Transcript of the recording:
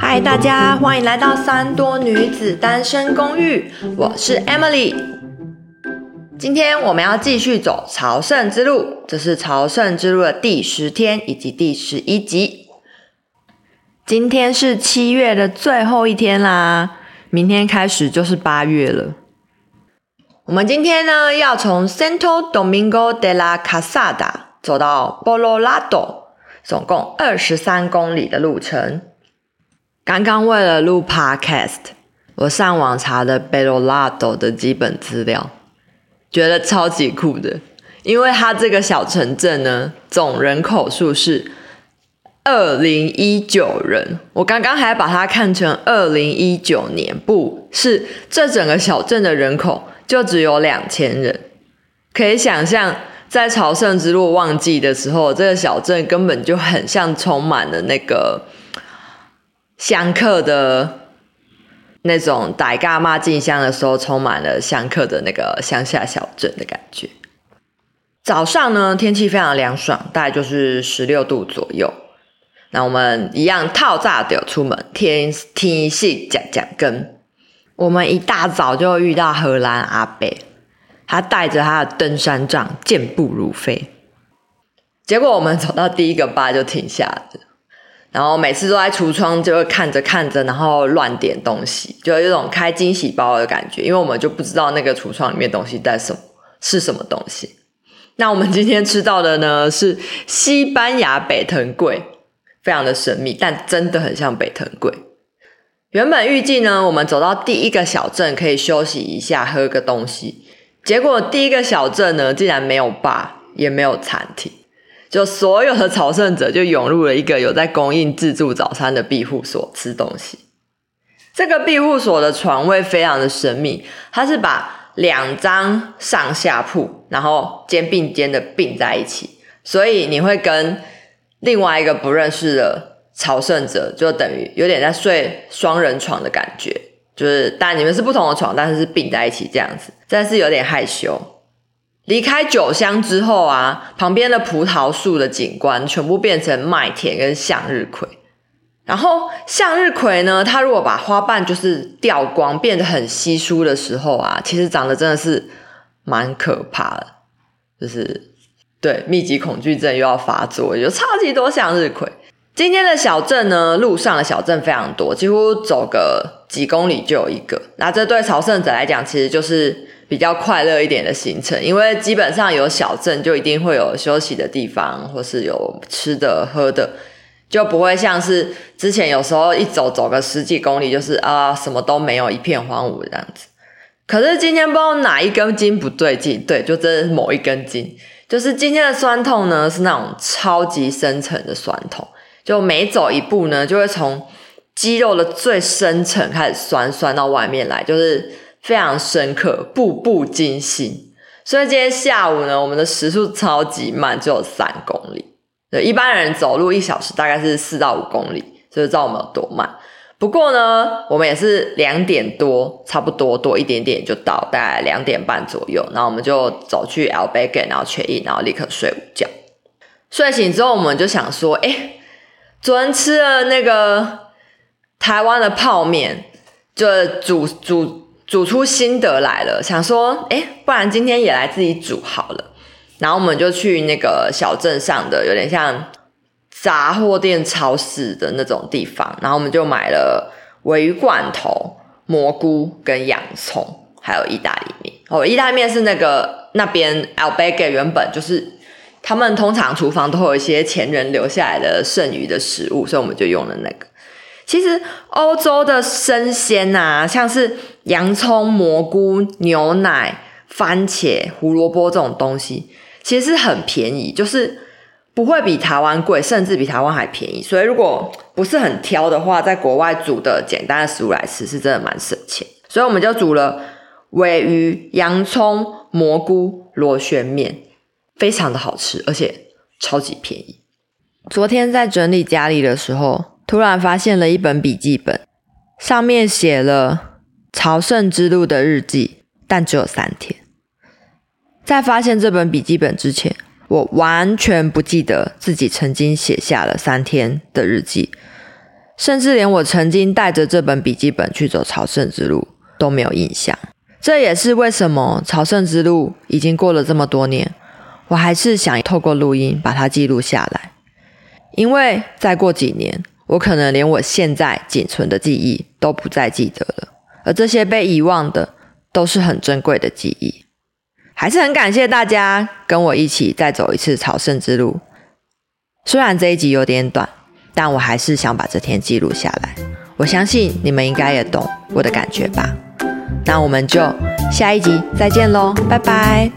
嗨，Hi, 大家歡迎來到三多女子單身公寓，我是 Emily。今天我們要繼續走朝聖之路，這是朝聖之路的第十天以及第十一集。今天是七月的最後一天啦，明天開始就是八月了。我們今天呢，要從 Santo Domingo de la Calzada 走到 Belorado，總共二十三公里的路程。剛剛為了錄 podcast，我上網查了 Belorado 的基本資料，覺得超級酷的，因為它這個小城鎮呢，總人口數是二零一九人。我剛剛還把它看成二零一九年，不是這整個小鎮的人口。就只有兩千人，可以想象，在朝聖之路旺季的時候，這個小鎮根本就很像充滿了那個香客的，那種大甲媽進香的時候充滿了香客的那個鄉下小鎮的感覺。早上呢，天氣非常涼爽，大概就是十六度左右。那我們一樣套炸屌出門，天天系講講跟。我們一大早就遇到荷蘭阿北，他帶着他的登山杖健步如飛。結果我們走到第一個吧就停下了，然後每次都在櫥窗就會看着看着，然後亂點東西，就有一種開驚喜包的感覺，因為我們就不知道那個櫥窗裡面東西在什麼是什麼東西。那我們今天吃到的呢是西班牙北藤貴，非常的神秘，但真的很像北藤貴。原本預計呢，我們走到第一個小鎮可以休息一下，喝個東西。結果第一個小鎮呢，竟然沒有 bar，也沒有餐廳，就所有的朝聖者就湧入了一個有在供應自助早餐的庇護所吃東西。這個庇護所的床位非常的神秘，它是把兩張上下鋪然後肩並肩的併在一起，所以你會跟另外一個不認識的。朝聖者就等於有點在睡雙人床的感覺，就是當然你們是不同的床，但是是併在一起這樣子，真是有點害羞。離開酒鄉之後啊，旁邊的葡萄樹的景觀全部變成麥田跟向日葵，然後向日葵呢，它如果把花瓣就是掉光，變得很稀疏的時候啊，其實長得真的是蠻可怕的，就是對，密集恐懼症又要發作，有超級多向日葵。今天的小鎮呢，路上的小鎮非常多，幾乎走個幾公里就有一個。那這對朝聖者來講，其實就是比較快樂一點的行程，因為基本上有小鎮就一定會有休息的地方，或是有吃的喝的，就不會像是之前有時候一走走個十幾公里，就是啊什麼都沒有，一片荒蕪這樣子。可是今天不知道哪一根筋不對勁，對，就真的是某一根筋，就是今天的酸痛呢，是那種超級深層的酸痛。就每走一步呢，就會從肌肉的最深層開始酸，酸到外面來，就是非常深刻，步步驚心。所以今天下午呢，我們的時速超級慢，只有三公里。對，一般人走路一小時大概是四到五公里，所以知道我們有多慢。不過呢，我們也是兩點多，差不多多一點點就到，大概兩點半左右。然後我們就走去 Lbagan，然後缺一，然後立刻睡午覺。睡醒之後，我們就想說，哎。昨天吃了那個台灣的泡麵，就煮煮煮，出心得來了，想說，誒，不然今天也來自己煮好了。然後我們就去那個小鎮上的，有點像雜貨店、超市的那種地方，然後我們就買了鮪魚罐頭、蘑菇跟洋蔥，還有意大利麵。哦，意大利麵是那個那邊 albergue 原本就是。他們通常廚房都會有一些前人留下來的剩餘的食物，所以我們就用了那個。其實歐洲的生鮮啊，像是洋蔥、蘑菇、牛奶、番茄、胡蘿蔔這種東西，其實是很便宜，就是不會比台灣貴，甚至比台灣還便宜。所以如果不是很挑的話，在國外煮的簡單的食物來吃，是真的蠻省錢。所以我們就煮了鮪魚、洋蔥、蘑菇、螺旋麵。非常的好吃，而且超級便宜。昨天在整理家裡的時候，突然發現了一本筆記本，上面寫了朝聖之路的日記，但只有三天。在發現這本筆記本之前，我完全不記得自己曾經寫下了三天的日記，甚至連我曾經帶着這本筆記本去走朝聖之路都沒有印象。這也是為什麼朝聖之路已經過了這麼多年。我還是想透過錄音把它記錄下來，因為再過幾年，我可能連我現在僅存的記憶都不再記得了。而這些被遺忘的，都是很珍貴的記憶。還是很感謝大家跟我一起再走一次朝聖之路。雖然這一集有點短，但我還是想把這天記錄下來。我相信你們應該也懂我的感覺吧。那我們就下一集再見嘍，拜拜。